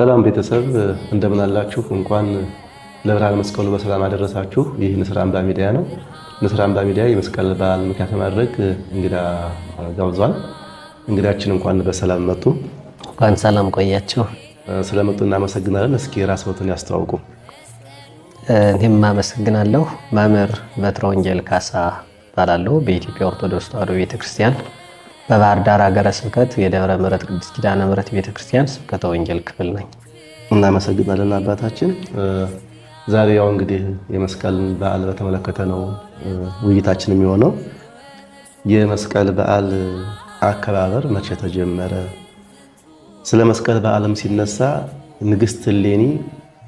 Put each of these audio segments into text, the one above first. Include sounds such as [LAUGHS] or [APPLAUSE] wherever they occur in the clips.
ሰላም ቤተሰብ እንደምን አላችሁ? እንኳን ለብርሃነ መስቀሉ በሰላም አደረሳችሁ። ይህ ንስር አምባ ሚዲያ ነው። ንስር አምባ ሚዲያ የመስቀል በዓል ምክንያት ማድረግ እንግዳ ጋብዟል። እንግዳችን እንኳን በሰላም መጡ። እንኳን ሰላም ቆያችሁ። ስለመጡ እናመሰግናለን። እስኪ ራስዎትን ያስተዋውቁ። እኔም አመሰግናለሁ። መምህር በትረ ወንጌል ካሳ እባላለሁ። በኢትዮጵያ ኦርቶዶክስ ተዋሕዶ ቤተክርስቲያን በባህር ዳር ሀገረ ስብከት የደብረ ምሕረት ቅዱስ ኪዳነ ምሕረት ቤተክርስቲያን ስብከተ ወንጌል ክፍል ነኝ። እናመሰግናለን አባታችን። ዛሬ ያው እንግዲህ የመስቀልን በዓል በተመለከተ ነው ውይይታችን የሚሆነው። የመስቀል በዓል አከባበር መቼ ተጀመረ? ስለ መስቀል በዓልም ሲነሳ ንግስት እሌኒ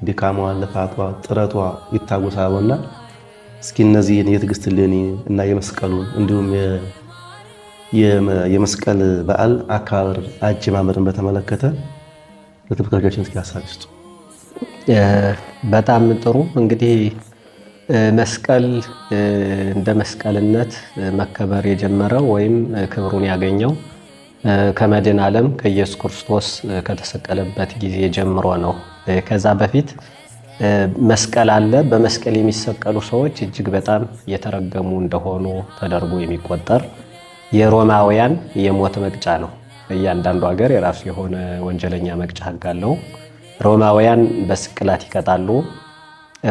ድካሟ፣ ልፋቷ፣ ጥረቷ ይታወሳሉና እስኪ እነዚህ የትግስት እሌኒ እና የመስቀሉን እንዲሁም የመስቀል በዓል አከባበር አጀማመርን በተመለከተ ለተመልካቾቻችን እስኪ ሀሳብ ይስጡ። በጣም ጥሩ እንግዲህ መስቀል እንደ መስቀልነት መከበር የጀመረው ወይም ክብሩን ያገኘው ከመድን ዓለም ከኢየሱስ ክርስቶስ ከተሰቀለበት ጊዜ ጀምሮ ነው። ከዛ በፊት መስቀል አለ። በመስቀል የሚሰቀሉ ሰዎች እጅግ በጣም የተረገሙ እንደሆኑ ተደርጎ የሚቆጠር የሮማውያን የሞት መቅጫ ነው። እያንዳንዱ ሀገር የራሱ የሆነ ወንጀለኛ መቅጫ ሕግ አለው። ሮማውያን በስቅላት ይቀጣሉ።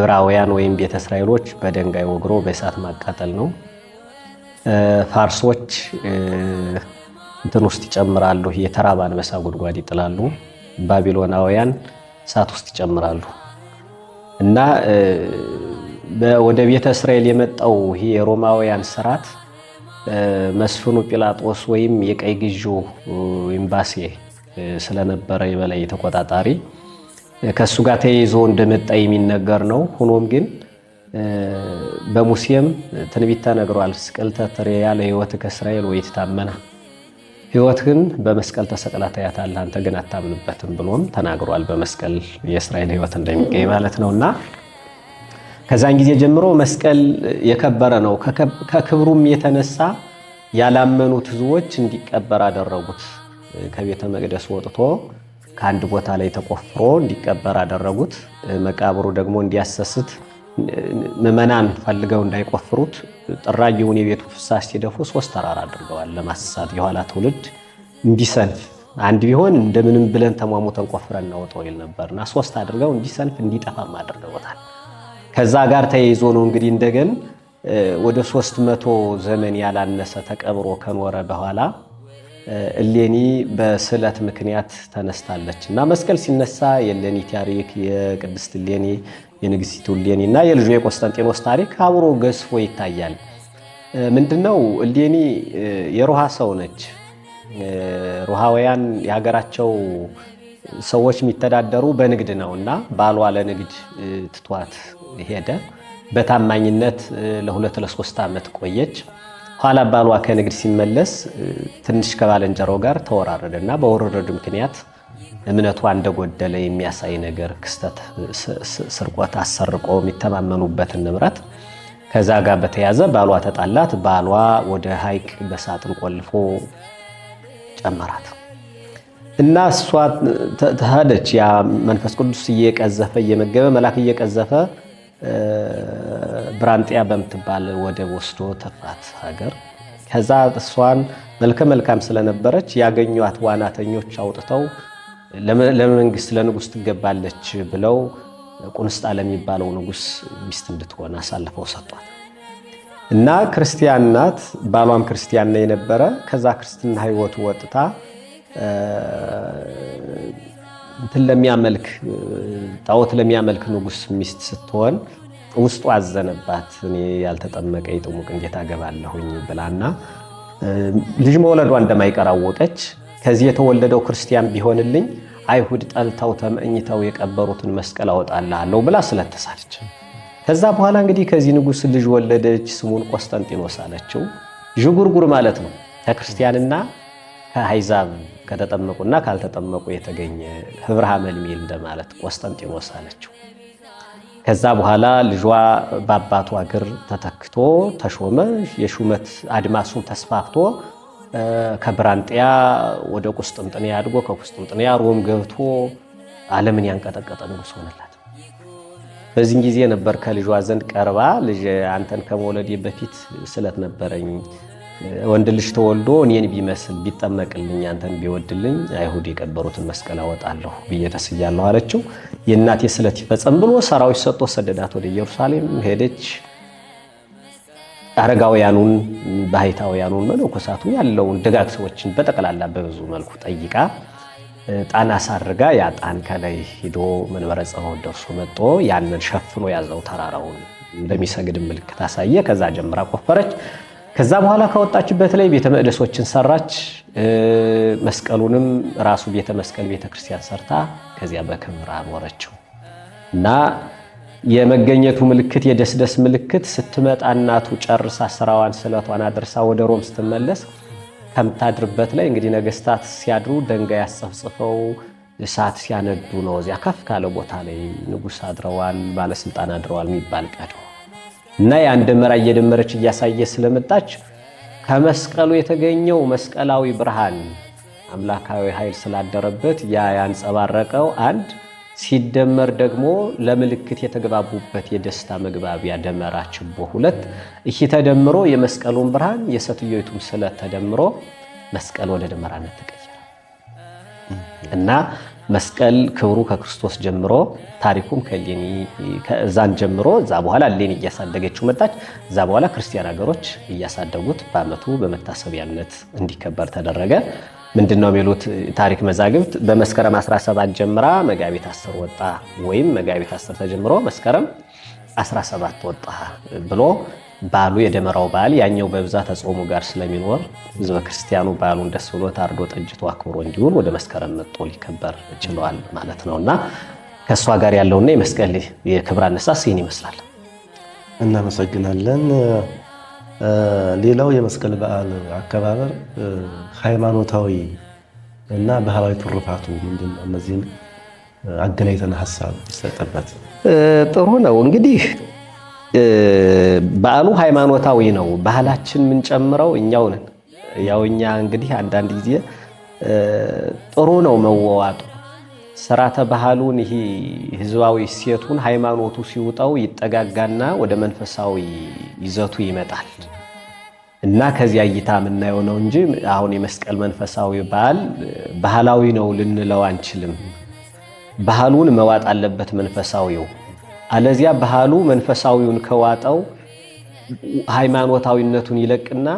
ዕብራውያን ወይም ቤተ እስራኤሎች በደንጋይ ወግሮ በእሳት ማቃጠል ነው። ፋርሶች እንትን ውስጥ ይጨምራሉ፣ የተራበ አንበሳ ጉድጓድ ይጥላሉ። ባቢሎናውያን እሳት ውስጥ ይጨምራሉ እና ወደ ቤተ እስራኤል የመጣው ይሄ የሮማውያን ስርዓት መስፍኑ ጲላጦስ ወይም የቀይ ግዢው ኤምባሲ ስለነበረ የበላይ ተቆጣጣሪ ከእሱ ጋር ተያይዞ እንደመጣ የሚነገር ነው። ሆኖም ግን በሙሴም ትንቢት ተነግሯል። ስቅልተ ትሬያ ለሕይወትከ ከእስራኤል ወይ ትታመና ግን በመስቀል ተሰቅላ ታያታለህ፣ አንተ ግን አታምንበትም ብሎም ተናግሯል። በመስቀል የእስራኤል ህይወት እንደሚገኝ ማለት ነውና ከዛን ጊዜ ጀምሮ መስቀል የከበረ ነው። ከክብሩም የተነሳ ያላመኑት ሕዝቦች እንዲቀበር አደረጉት። ከቤተ መቅደስ ወጥቶ ከአንድ ቦታ ላይ ተቆፍሮ እንዲቀበር አደረጉት። መቃብሩ ደግሞ እንዲያሰስት ምዕመናን ፈልገው እንዳይቆፍሩት ጥራጊውን የቤቱ ፍሳሽ ሲደፉ ሶስት ተራራ አድርገዋል ለማስሳት የኋላ ትውልድ እንዲሰልፍ አንድ ቢሆን እንደምንም ብለን ተሟሙተን ቆፍረን እናወጣው ይል ነበርና ሶስት አድርገው እንዲሰልፍ እንዲጠፋም አድርገውታል። ከዛ ጋር ተያይዞ ነው እንግዲህ እንደገን ወደ ሶስት መቶ ዘመን ያላነሰ ተቀብሮ ከኖረ በኋላ እሌኒ በስዕለት ምክንያት ተነስታለች እና መስቀል ሲነሳ የእሌኒ ታሪክ የቅድስት እሌኒ የንግሥቲቱ እሌኒ እና የልጁ የቆስጠንጤኖስ ታሪክ አብሮ ገዝፎ ይታያል። ምንድነው እሌኒ የሮሃ ሰው ነች። ሮሃውያን የሀገራቸው ሰዎች የሚተዳደሩ በንግድ ነው እና ባሏ ለንግድ ትቷት ሄደ። በታማኝነት ለሁለት ለሶስት ዓመት ቆየች። ኋላ ባሏ ከንግድ ሲመለስ ትንሽ ከባለንጀሮ ጋር ተወራረደ እና በወረረዱ ምክንያት እምነቷ እንደጎደለ የሚያሳይ ነገር ክስተት፣ ስርቆት አሰርቆ የሚተማመኑበትን ንብረት ከዛ ጋር በተያዘ ባሏ ተጣላት። ባሏ ወደ ሐይቅ በሳጥን ቆልፎ ጨመራት። እና እሷ ተሄደች። ያ መንፈስ ቅዱስ እየቀዘፈ እየመገበ መልአክ እየቀዘፈ ብራንጥያ በምትባል ወደብ ወስዶ ተፋት ሀገር። ከዛ እሷን መልከ መልካም ስለነበረች ያገኟት ዋናተኞች አውጥተው ለመንግስት ለንጉስ ትገባለች ብለው ቁንስጣ ለሚባለው ንጉስ ሚስት እንድትሆን አሳልፈው ሰጧት። እና ክርስቲያን ናት፣ ባሏም ክርስቲያን የነበረ ከዛ ክርስትና ህይወቱ ወጥታ እንትን ለሚያመልክ ጣዖት ለሚያመልክ ንጉስ ሚስት ስትሆን ውስጡ አዘነባት። እኔ ያልተጠመቀ የጥሙቅ እንዴት አገባለሁኝ ብላና ልጅ መውለዷ እንደማይቀር አወቀች። ከዚህ የተወለደው ክርስቲያን ቢሆንልኝ አይሁድ ጠልተው ተመኝተው የቀበሩትን መስቀል አወጣልሃለሁ ብላ ስለተሳለች። ከዛ በኋላ እንግዲህ ከዚህ ንጉስ ልጅ ወለደች። ስሙን ቆስጠንጢኖስ አለችው። ዥጉርጉር ማለት ነው ከክርስቲያንና ከአሕዛብ ከተጠመቁና ካልተጠመቁ የተገኘ ህብረ ሐመል ሚል እንደማለት ቆስጠንጢኖስ አለችው። ከዛ በኋላ ልጇ በአባቱ አገር ተተክቶ ተሾመ። የሹመት አድማሱን ተስፋፍቶ ከብራንጥያ ወደ ቁስጥንጥንያ አድጎ ከቁስጥንጥንያ ሮም ገብቶ ዓለምን ያንቀጠቀጠ ንጉሥ ሆነላት። በዚህን ጊዜ ነበር ከልጇ ዘንድ ቀርባ ልጅ አንተን ከመውለዴ በፊት ስለት ነበረኝ ወንድ ልጅ ተወልዶ እኔን ቢመስል ቢጠመቅልኝ አንተን ቢወድልኝ አይሁድ የቀበሩትን መስቀል አወጣለሁ ብዬ ተስያለሁ አለችው። የእናቴ ስለት ይፈጸም ብሎ ሰራዊት ሰጥቶ ሰደዳት ወደ ኢየሩሳሌም ሄደች። አረጋውያኑን ባህታውያኑን መነኮሳቱ ያለውን ደጋግ ሰዎችን በጠቅላላ በብዙ መልኩ ጠይቃ ጣና ሳርጋ ያ ጣን ከላይ ሂዶ መንበረ ደርሶ መጦ ያንን ሸፍኖ ያዘው ተራራውን እንደሚሰግድ ምልክት አሳየ። ከዛ ጀምራ ቆፈረች። ከዛ በኋላ ከወጣችበት ላይ ቤተ መቅደሶችን ሰራች። መስቀሉንም ራሱ ቤተ መስቀል ቤተ ክርስቲያን ሰርታ ከዚያ በክብር አኖረችው እና የመገኘቱ ምልክት የደስደስ ምልክት ስትመጣ እናቱ ጨርሳ ስራዋን ስለቷን አድርሳ ወደ ሮም ስትመለስ ከምታድርበት ላይ እንግዲህ ነገስታት ሲያድሩ ደንጋይ አስጸፍጽፈው እሳት ሲያነዱ ነው። እዚያ ከፍ ካለ ቦታ ላይ ንጉሥ አድረዋል፣ ባለስልጣን አድረዋል የሚባል ቀደው እና ያን ደመራ እየደመረች እያሳየ ስለመጣች ከመስቀሉ የተገኘው መስቀላዊ ብርሃን አምላካዊ ኃይል ስላደረበት ያ ያንጸባረቀው አንድ ሲደመር ደግሞ ለምልክት የተግባቡበት የደስታ መግባቢያ ደመራ ችቦ ሁለት ይህ ተደምሮ የመስቀሉን ብርሃን የሰትዮቱም ስለት ተደምሮ መስቀል ወደ ደመራነት ተቀየረ እና መስቀል ክብሩ ከክርስቶስ ጀምሮ ታሪኩም ከሌኒ ከእዛን ጀምሮ እዛ በኋላ ሌኒ እያሳደገችው መጣች። እዛ በኋላ ክርስቲያን ሀገሮች እያሳደጉት በዓመቱ በመታሰቢያነት እንዲከበር ተደረገ። ምንድን ነው የሚሉት ታሪክ መዛግብት በመስከረም 17 ጀምራ መጋቢት 10 ወጣ ወይም መጋቢት 10 ተጀምሮ መስከረም 17 ወጣ ብሎ ባሉ የደመራው በዓል ያኛው በብዛት ተጾሙ ጋር ስለሚኖር ህዝበ ክርስቲያኑ በዓሉን ደስ ብሎት አርዶ ጠጅቶ አክብሮ እንዲሁም ወደ መስከረም መጦ ሊከበር ችለዋል ማለት ነው እና ከእሷ ጋር ያለውና የመስቀል የክብር አነሳስ ይህን ይመስላል። እናመሰግናለን። ሌላው የመስቀል በዓል አከባበር ሃይማኖታዊ እና ባህላዊ ትሩፋቱ ምንድን ነው? እነዚህን አገናኝተን ሀሳብ ይሰጥበት ጥሩ ነው እንግዲህ በዓሉ ሃይማኖታዊ ነው። ባህላችን የምንጨምረው እኛው ነን። ያው እኛ እንግዲህ አንዳንድ ጊዜ ጥሩ ነው መወዋጡ፣ ስራተ ባህሉን ይሄ ህዝባዊ እሴቱን ሃይማኖቱ ሲውጠው ይጠጋጋና ወደ መንፈሳዊ ይዘቱ ይመጣል እና ከዚያ እይታ የምናየው ነው እንጂ አሁን የመስቀል መንፈሳዊ በዓል ባህላዊ ነው ልንለው አንችልም። ባህሉን መዋጥ አለበት መንፈሳዊው አለዚያ ባህሉ መንፈሳዊውን ከዋጠው ሃይማኖታዊነቱን ይለቅና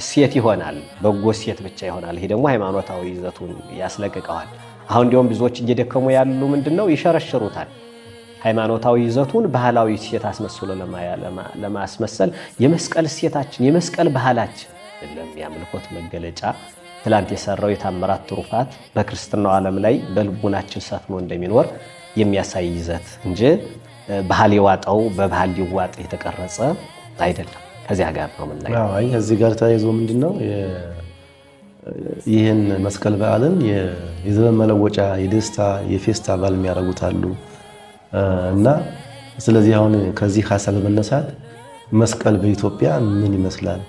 እሴት ይሆናል፣ በጎ ሴት ብቻ ይሆናል። ይሄ ደግሞ ሃይማኖታዊ ይዘቱን ያስለቅቀዋል። አሁን እንዲሁም ብዙዎች እየደከሙ ያሉ ምንድን ነው ይሸረሽሩታል። ሃይማኖታዊ ይዘቱን ባህላዊ ሴት አስመስሎ ለማስመሰል የመስቀል ሴታችን የመስቀል ባህላችን የለም። የአምልኮት መገለጫ ትላንት የሰራው የታምራት ትሩፋት በክርስትናው ዓለም ላይ በልቡናችን ሰፍኖ እንደሚኖር የሚያሳይ ይዘት እንጂ ባህል የዋጠው በባህል ሊዋጥ የተቀረጸ አይደለም። ከዚያ ጋር ነው ምናይ እዚህ ጋር ተያይዞ ምንድን ነው ይህን መስቀል በዓልን የዘመን መለወጫ የደስታ የፌስታ በዓል የሚያደርጉት አሉ እና ስለዚህ አሁን ከዚህ ሀሳብ በመነሳት መስቀል በኢትዮጵያ ምን ይመስላል?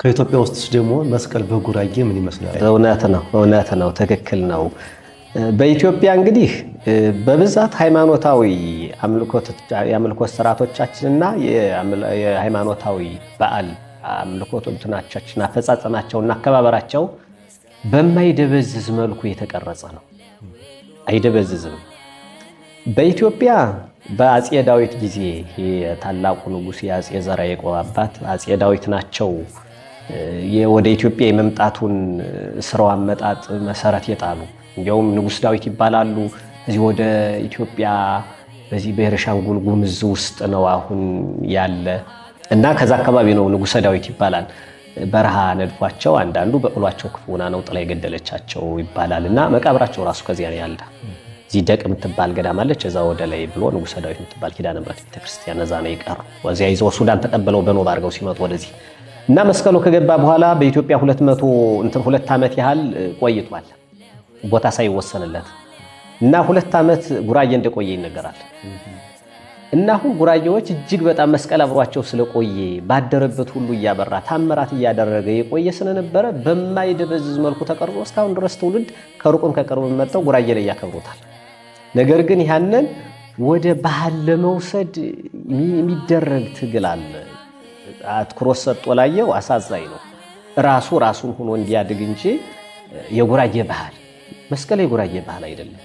ከኢትዮጵያ ውስጥ ደግሞ መስቀል በጉራጌ ምን ይመስላል? እውነት ነው፣ እውነት ነው፣ ትክክል ነው። በኢትዮጵያ እንግዲህ በብዛት ሃይማኖታዊ የአምልኮት ስርዓቶቻችንና የሃይማኖታዊ በዓል አምልኮት እንትናቻችን አፈጻጸማቸውና አከባበራቸው በማይደበዝዝ መልኩ የተቀረጸ ነው። አይደበዝዝም። በኢትዮጵያ በአጼ ዳዊት ጊዜ የታላቁ ንጉሥ የአጼ ዘርዓ ያዕቆብ አባት አጼ ዳዊት ናቸው ወደ ኢትዮጵያ የመምጣቱን ስራው አመጣጥ መሰረት የጣሉ እንዲያውም ንጉሥ ዳዊት ይባላሉ። እዚህ ወደ ኢትዮጵያ በዚህ ቤኒሻንጉል ጉሙዝ ውስጥ ነው አሁን ያለ እና ከዛ አካባቢ ነው ንጉሠ ዳዊት ይባላል። በረሃ ነድፏቸው አንዳንዱ በቅሏቸው ክፉና ነው ጥላ የገደለቻቸው ይባላል እና መቃብራቸው ራሱ ከዚያ ነው ያለ። እዚህ ደቅ የምትባል ገዳም አለች። እዛ ወደ ላይ ብሎ ንጉሠ ዳዊት የምትባል ኪዳነ ምሕረት ቤተክርስቲያን እዛ ነው የቀሩ። እዚያ ይዘው ሱዳን ተቀበለው በኖብ አድርገው ሲመጡ ወደዚህ እና መስቀሉ ከገባ በኋላ በኢትዮጵያ ሁለት መቶ እንትን ሁለት ዓመት ያህል ቆይቷል። ቦታ ሳይወሰንለት እና ሁለት ዓመት ጉራጌ እንደቆየ ይነገራል። እና አሁን ጉራጌዎች እጅግ በጣም መስቀል አብሯቸው ስለቆየ ባደረበት ሁሉ እያበራ ታምራት እያደረገ የቆየ ስለነበረ በማይደበዝዝ መልኩ ተቀርጾ እስካሁን ድረስ ትውልድ ከሩቅም ከቅርብ መጥተው ጉራጌ ላይ ያከብሩታል። ነገር ግን ያንን ወደ ባህል ለመውሰድ የሚደረግ ትግል አለ። አትኩሮት ሰጦ ላየው አሳዛኝ ነው። ራሱ ራሱን ሆኖ እንዲያድግ እንጂ የጉራጌ ባህል መስቀል የጉራጌ ባህል አይደለም።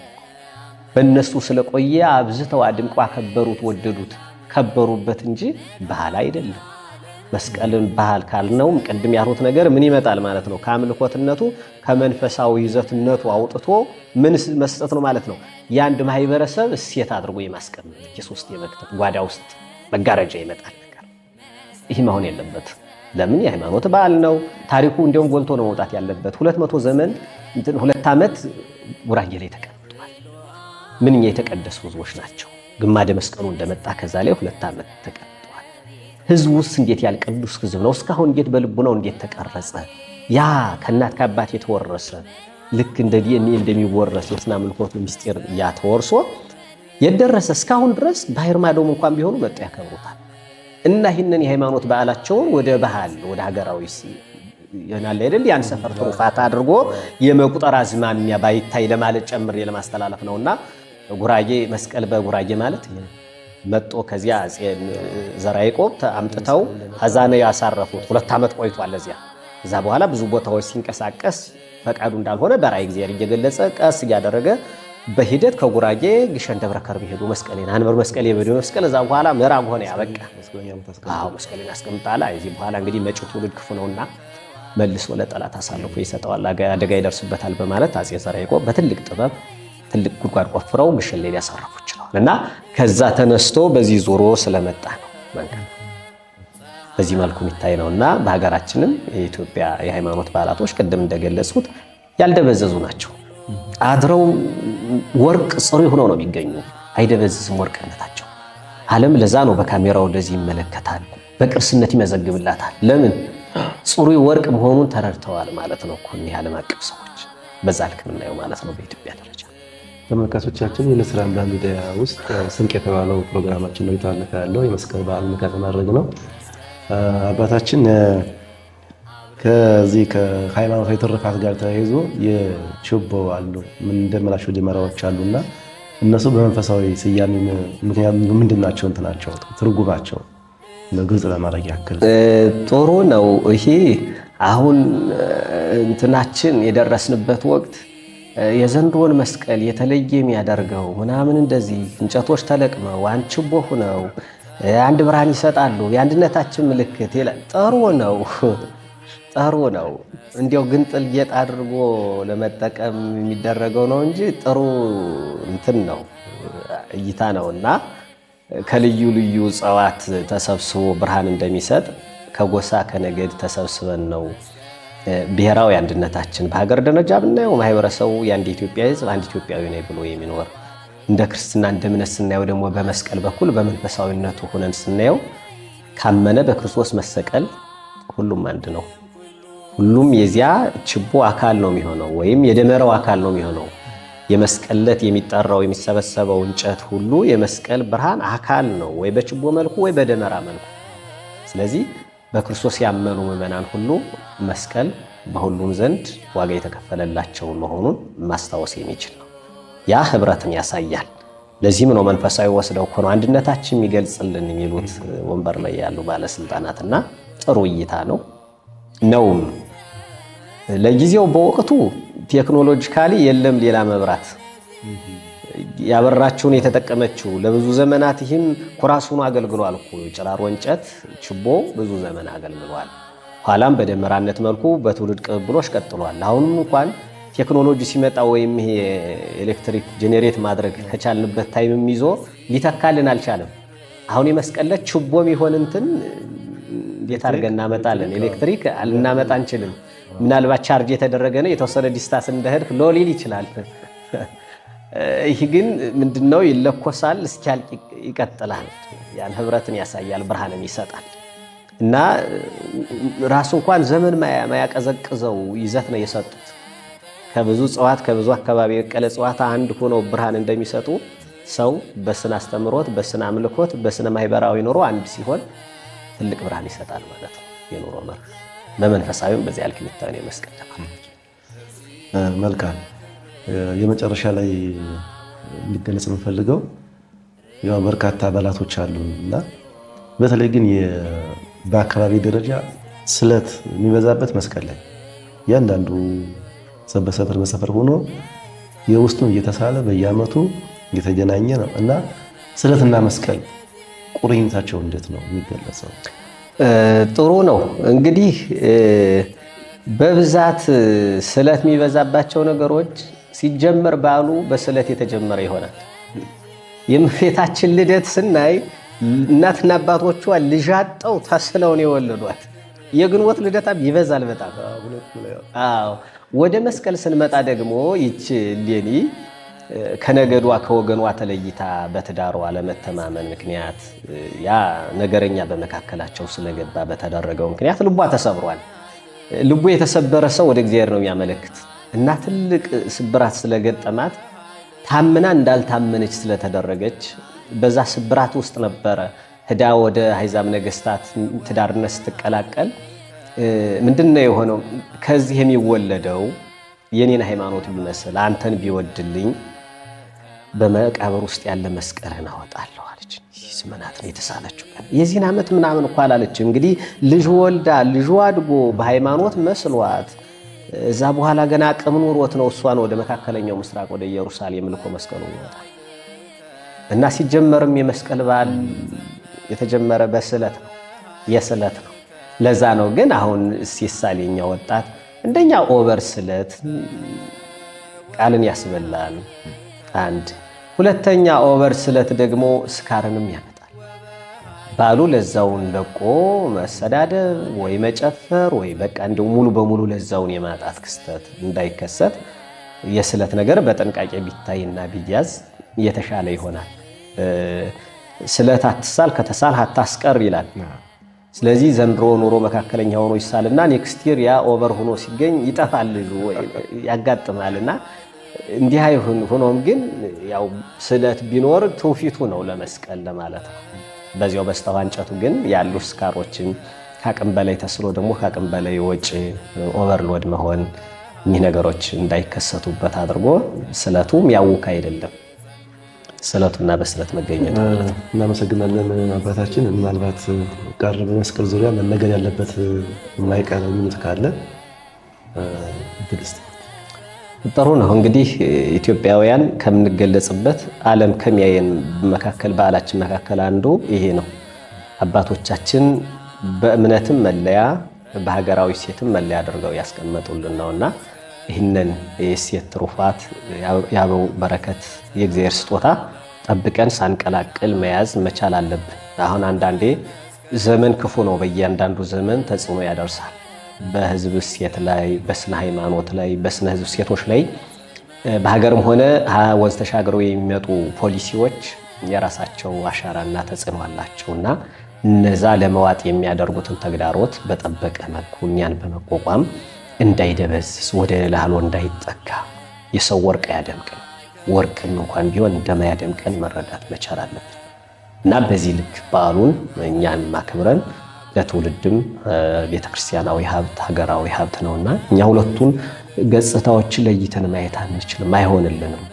በእነሱ ስለቆየ አብዝተው አድንቆ አከበሩት፣ ወደዱት፣ ከበሩበት እንጂ ባህል አይደለም። መስቀልን ባህል ካልነውም ቅድም ያልሁት ነገር ምን ይመጣል ማለት ነው? ከአምልኮትነቱ ከመንፈሳዊ ይዘትነቱ አውጥቶ ምን መስጠት ነው ማለት ነው? የአንድ ማህበረሰብ እሴት አድርጎ የማስቀመጥ ኪስ ውስጥ የመክተት ጓዳ ውስጥ መጋረጃ ይመጣል ነገር ይህም አሁን የለበት ለምን የሃይማኖት በዓል ነው። ታሪኩ እንዲሁም ጎልቶ ነው መውጣት ያለበት። ሁለት መቶ ዘመን ሁለት ዓመት ጉራጌ ላይ ተቀምጧል። ምንኛ የተቀደሱ ህዝቦች ናቸው። ግማደ መስቀሉ እንደመጣ ከዛ ላይ ሁለት ዓመት ተቀምጧል። ህዝቡ ውስጥ እንዴት ያለ ቅዱስ ህዝብ ነው። እስካሁን እንዴት በልቡ ነው እንዴት ተቀረጸ። ያ ከእናት ከአባት የተወረሰ ልክ እንደ ዲኤንኤ እንደሚወረስ የስና ምስጢር ያተወርሶ የደረሰ እስካሁን ድረስ ባህር ማዶም እንኳን ቢሆኑ መጡ ያከብሩታል። እና ይህንን የሃይማኖት በዓላቸውን ወደ ባህል ወደ ሀገራዊ ይሆናል አይደል? ያን ሰፈር ትሩፋት አድርጎ የመቁጠር አዝማሚያ ባይታይ ለማለት ጨምር ለማስተላለፍ ነው። እና ጉራጌ መስቀል በጉራጌ ማለት መጦ ከዚያ ዘርዓ ያዕቆብ አምጥተው ሀዛነ ያሳረፉት ሁለት ዓመት ቆይቷል። እዚያ እዛ በኋላ ብዙ ቦታዎች ሲንቀሳቀስ ፈቃዱ እንዳልሆነ በራእይ ጊዜ እየገለጸ ቀስ እያደረገ በሂደት ከጉራጌ ግሸን ደብረ ከርብ ሄዱ መስቀሌን አንበር መስቀሌ በዶ መስቀል እዛ በኋላ ምዕራብ ሆነ ያበቃ አዎ መስቀሌን አስቀምጣላ። እዚህ በኋላ እንግዲህ መጪ ትውልድ ክፉ ነውና መልሶ ለጠላት አሳልፎ ይሰጠዋል፣ አደጋ ይደርስበታል በማለት አጼ ዘርዓ ያዕቆብ በትልቅ ጥበብ ትልቅ ጉድጓድ ቆፍረው ግሸን ላይ ሊያሳርፉ ይችላል እና ከዛ ተነስቶ በዚህ ዞሮ ስለመጣ ነው መንገድ በዚህ መልኩ የሚታይ ነው። እና በሀገራችንም የኢትዮጵያ የሃይማኖት በዓላቶች ቅድም እንደገለጹት ያልደበዘዙ ናቸው አድረው ወርቅ ጽሩ ሆነው ነው የሚገኙ። አይደበዝዝም ወርቅነታቸው። ዓለም ለዛ ነው በካሜራው ወደዚህ ይመለከታል፣ በቅርስነት ይመዘግብላታል። ለምን ጽሩ ወርቅ መሆኑን ተረድተዋል ማለት ነው እኮ እኒህ ዓለም አቀፍ ሰዎች። በዛ ልክ የምናየው ማለት ነው በኢትዮጵያ ደረጃ። ተመልካቾቻችን የንስር አምባን ሚዲያ ውስጥ ስንቅ የተባለው ፕሮግራማችን ነው የተላለፈ ያለው የመስቀል በዓል ምክንያት ማድረግ ነው አባታችን ከዚህ ከሃይማኖታዊ ትርፋት ጋር ተያይዞ የችቦ አሉ እንደምላቸው ደመራዎች አሉና እነሱ በመንፈሳዊ ስያሜ ምክንያቱ ምንድን ናቸው? እንትናቸው ትርጉማቸው ግልጽ ለማድረግ ያክል ጥሩ ነው። ይሄ አሁን እንትናችን የደረስንበት ወቅት የዘንድሮን መስቀል የተለየ የሚያደርገው ምናምን እንደዚህ እንጨቶች ተለቅመው አንድ ችቦ ሁነው አንድ ብርሃን ይሰጣሉ፣ የአንድነታችን ምልክት ጥሩ ነው። ጥሩ ነው። እንዲያው ግንጥል ጌጥ አድርጎ ለመጠቀም የሚደረገው ነው እንጂ ጥሩ እንትን ነው እይታ ነው እና ከልዩ ልዩ እጽዋት ተሰብስቦ ብርሃን እንደሚሰጥ ከጎሳ ከነገድ ተሰብስበን ነው ብሔራዊ አንድነታችን በሀገር ደረጃ ብናየው ማህበረሰቡ የአንድ ኢትዮጵያ ሕዝብ አንድ ኢትዮጵያዊ ነው ብሎ የሚኖር እንደ ክርስትና እንደ እምነት ስናየው ደግሞ በመስቀል በኩል በመንፈሳዊነቱ ሆነን ስናየው ካመነ በክርስቶስ መሰቀል ሁሉም አንድ ነው። ሁሉም የዚያ ችቦ አካል ነው የሚሆነው፣ ወይም የደመራው አካል ነው የሚሆነው። የመስቀልለት የሚጠራው የሚሰበሰበው እንጨት ሁሉ የመስቀል ብርሃን አካል ነው፣ ወይ በችቦ መልኩ ወይ በደመራ መልኩ። ስለዚህ በክርስቶስ ያመኑ ምዕመናን ሁሉ መስቀል በሁሉም ዘንድ ዋጋ የተከፈለላቸው መሆኑን ማስታወስ የሚችል ነው። ያ ህብረትን ያሳያል። ለዚህም ነው መንፈሳዊ ወስደው እኮ ነው አንድነታችን የሚገልጽልን የሚሉት ወንበር ላይ ያሉ ባለስልጣናትና ጥሩ እይታ ነው ነውም ለጊዜው በወቅቱ ቴክኖሎጂካሊ የለም ሌላ መብራት ያበራችውን የተጠቀመችው ለብዙ ዘመናት ይህም ኩራስ ሆኖ አገልግሏል እኮ ጭራሮ እንጨት ችቦ ብዙ ዘመን አገልግሏል። ኋላም በደመራነት መልኩ በትውልድ ቅብብሎች ቀጥሏል። አሁንም እንኳን ቴክኖሎጂ ሲመጣ ወይም ይሄ ኤሌክትሪክ ጄኔሬት ማድረግ ከቻልንበት ታይምም ይዞ ሊተካልን አልቻለም። አሁን የመስቀለት ችቦም ይሆን እንትን እንዴት አድርገን እናመጣለን? ኤሌክትሪክ ልናመጣ አንችልም። ምናልባት ቻርጅ የተደረገ ነው የተወሰነ ዲስታንስ እንደሄድክ ሎ ሊል ይችላል። [LAUGHS] ይህ ግን ምንድነው ይለኮሳል፣ እስኪያልቅ ይቀጥላል። ያን ህብረትን ያሳያል፣ ብርሃንን ይሰጣል። እና ራሱ እንኳን ዘመን ማያቀዘቅዘው ይዘት ነው የሰጡት። ከብዙ እጽዋት ከብዙ አካባቢ የበቀለ እጽዋት አንድ ሆነው ብርሃን እንደሚሰጡ ሰው በስነ አስተምሮት፣ በስነ አምልኮት፣ በስነ ማህበራዊ ኑሮ አንድ ሲሆን ትልቅ ብርሃን ይሰጣል ማለት ነው። የኑሮ መርህ በመንፈሳዊም በዚህ ያልክ የሚታየን የመስቀል መልካም። የመጨረሻ ላይ እንዲገለጽ የምፈልገው ያው በርካታ አባላቶች አሉ እና በተለይ ግን በአካባቢ ደረጃ ስለት የሚበዛበት መስቀል ላይ እያንዳንዱ በሰፈር በሰፈር ሆኖ የውስጡን እየተሳለ በየአመቱ እየተገናኘ ነው እና ስለትና መስቀል ቁርኝታቸው እንዴት ነው የሚገለጸው? ጥሩ ነው እንግዲህ በብዛት ስለት የሚበዛባቸው ነገሮች ሲጀመር በዓሉ በስለት የተጀመረ ይሆናል። የእመቤታችን ልደት ስናይ እናትና አባቶቿ ልዣጠው አጠው ተስለውን የወለዷት። የግንቦት ልደታም ይበዛል በጣም። ወደ መስቀል ስንመጣ ደግሞ ይች ሌኒ ከነገዷ ከወገኗ ተለይታ በትዳሯ አለመተማመን ምክንያት ያ ነገረኛ በመካከላቸው ስለገባ በተደረገው ምክንያት ልቧ ተሰብሯል። ልቡ የተሰበረ ሰው ወደ እግዚአብሔር ነው የሚያመለክት እና ትልቅ ስብራት ስለገጠማት ታምና እንዳልታመነች ስለተደረገች በዛ ስብራት ውስጥ ነበረ ህዳ ወደ አሕዛብ ነገስታት ትዳርነት ስትቀላቀል ምንድን ነው የሆነው? ከዚህ የሚወለደው የኔን ሃይማኖት ቢመስል አንተን ቢወድልኝ በመቃብር ውስጥ ያለ መስቀልህን አወጣለሁ አለች። ስመናት ነው የተሳለችው። የዚህን ዓመት ምናምን እኮ አላለች። እንግዲህ ልጅ ወልዳ ልጁ አድጎ በሃይማኖት መስሏት እዛ በኋላ ገና አቅም ኑሮት ነው እሷን ወደ መካከለኛው ምስራቅ ወደ ኢየሩሳሌም ልኮ መስቀሉ ይወጣ እና ሲጀመርም የመስቀል በዓል የተጀመረ በስለት ነው፣ የስለት ነው። ለዛ ነው ግን አሁን ሲሳል የኛ ወጣት እንደኛ ኦቨር ስለት ቃልን ያስበላል አንድ ሁለተኛ ኦቨር ስለት ደግሞ ስካርንም ያመጣል። ባሉ ለዛውን ለቆ መሰዳደብ ወይ መጨፈር ወይ በቃ እንደው ሙሉ በሙሉ ለዛውን የማጣት ክስተት እንዳይከሰት የስለት ነገር በጥንቃቄ ቢታይና ቢያዝ የተሻለ ይሆናል። ስለት አትሳል፣ ከተሳል አታስቀር ይላል። ስለዚህ ዘንድሮ ኑሮ መካከለኛ ሆኖ ይሳልና ኔክስት ይር ያ ኦቨር ሆኖ ሲገኝ ይጠፋል፣ ያጋጥማልና እንዲህ አይሁን። ሆኖም ግን ያው ስለት ቢኖር ትውፊቱ ነው ለመስቀል ለማለት ነው። በዚያው በስተዋንጨቱ ግን ያሉ ስካሮችን ከአቅም በላይ ተስሎ ደግሞ ከአቅም በላይ ወጪ ኦቨርሎድ መሆን እኚህ ነገሮች እንዳይከሰቱበት አድርጎ ስለቱም ያውክ አይደለም ስለቱና በስለት መገኘት እናመሰግናለን አባታችን። ምናልባት ጋር በመስቀል ዙሪያ መነገር ያለበት የማይቀር ምት ካለ ትልስት ጥሩ ነው እንግዲህ ኢትዮጵያውያን ከምንገለጽበት ዓለም ከሚያየን መካከል በዓላችን መካከል አንዱ ይሄ ነው። አባቶቻችን በእምነትም መለያ በሀገራዊ ሴትም መለያ አድርገው ያስቀመጡልን ነው እና ይህንን የሴት ትሩፋት የአበው በረከት የእግዚአብሔር ስጦታ ጠብቀን ሳንቀላቅል መያዝ መቻል አለብን። አሁን አንዳንዴ ዘመን ክፉ ነው። በእያንዳንዱ ዘመን ተጽዕኖ ያደርሳል። በህዝብ እሴት ላይ፣ በስነ ሃይማኖት ላይ፣ በስነ ህዝብ እሴቶች ላይ በሀገርም ሆነ ወንዝ ተሻግረው የሚመጡ ፖሊሲዎች የራሳቸው አሻራና ተጽዕኖ አላቸውና እነዛ ለመዋጥ የሚያደርጉትን ተግዳሮት በጠበቀ መልኩ እኛን በመቋቋም እንዳይደበዝስ ወደ ላህሎ እንዳይጠጋ የሰው ወርቅ ያደምቀን ወርቅም እንኳን ቢሆን እንደማያደምቀን መረዳት መቻል አለብን እና በዚህ ልክ በዓሉን እኛን ማክብረን ለትውልድም ቤተክርስቲያናዊ ሀብት ሀገራዊ ሀብት ነውና እኛ ሁለቱን ገጽታዎችን ለይተን ማየት አንችልም፣ አይሆንልንም።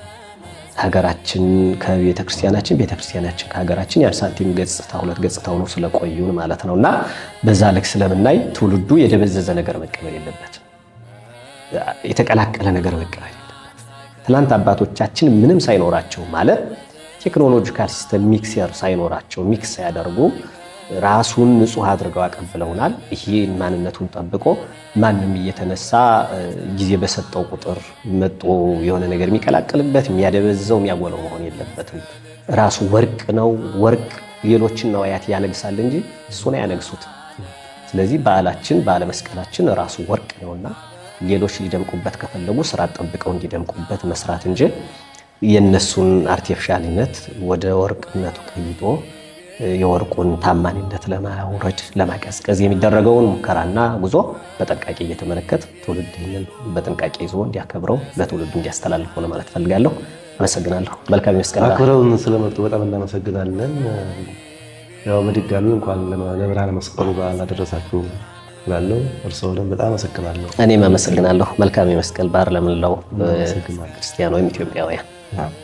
ሀገራችን ከቤተክርስቲያናችን ቤተክርስቲያናችን ከሀገራችን የአንድ ሳንቲም ገጽታ ሁለት ገጽታ ሆኖ ስለቆዩን ማለት ነው እና በዛ ልክ ስለምናይ ትውልዱ የደበዘዘ ነገር መቀበል የለበትም፣ የተቀላቀለ ነገር መቀበል የለበት። ትናንት አባቶቻችን ምንም ሳይኖራቸው ማለት ቴክኖሎጂካል ሲስተም ሚክሰር ሳይኖራቸው ሚክስ ሳያደርጉ ራሱን ንጹህ አድርገው አቀብለውናል። ይህን ማንነቱን ጠብቆ ማንም እየተነሳ ጊዜ በሰጠው ቁጥር መጦ የሆነ ነገር የሚቀላቅልበት የሚያደበዘው የሚያጎለው መሆን የለበትም። ራሱ ወርቅ ነው። ወርቅ ሌሎችን ነዋያት ያነግሳል እንጂ እሱን አያነግሱት። ስለዚህ በዓላችን ባለመስቀላችን ራሱ ወርቅ ነውና ሌሎች ሊደምቁበት ከፈለጉ ስራ ጠብቀው እንዲደምቁበት መስራት እንጂ የእነሱን አርቴፊሻልነት ወደ ወርቅነቱ ቀይጦ የወርቁን ታማኝነት ለማውረድ ለማቀዝቀዝ የሚደረገውን ሙከራና ጉዞ በጥንቃቄ እየተመለከት ትውልድ ይህንን በጥንቃቄ ይዞ እንዲያከብረው ለትውልዱ ሆነ ማለት ፈልጋለሁ። አመሰግናለሁ። መልካም መስቀል አክብረውን ስለመጡ በጣም እናመሰግናለን። ያው በድጋሚ እንኳን ለብርሃነ መስቀሉ በዓል አደረሳችሁ ላለው እርስዎንም በጣም አመሰግናለሁ። እኔም አመሰግናለሁ። መልካም የመስቀል በዓል ለምንለው ክርስቲያን ወይም ኢትዮጵያውያን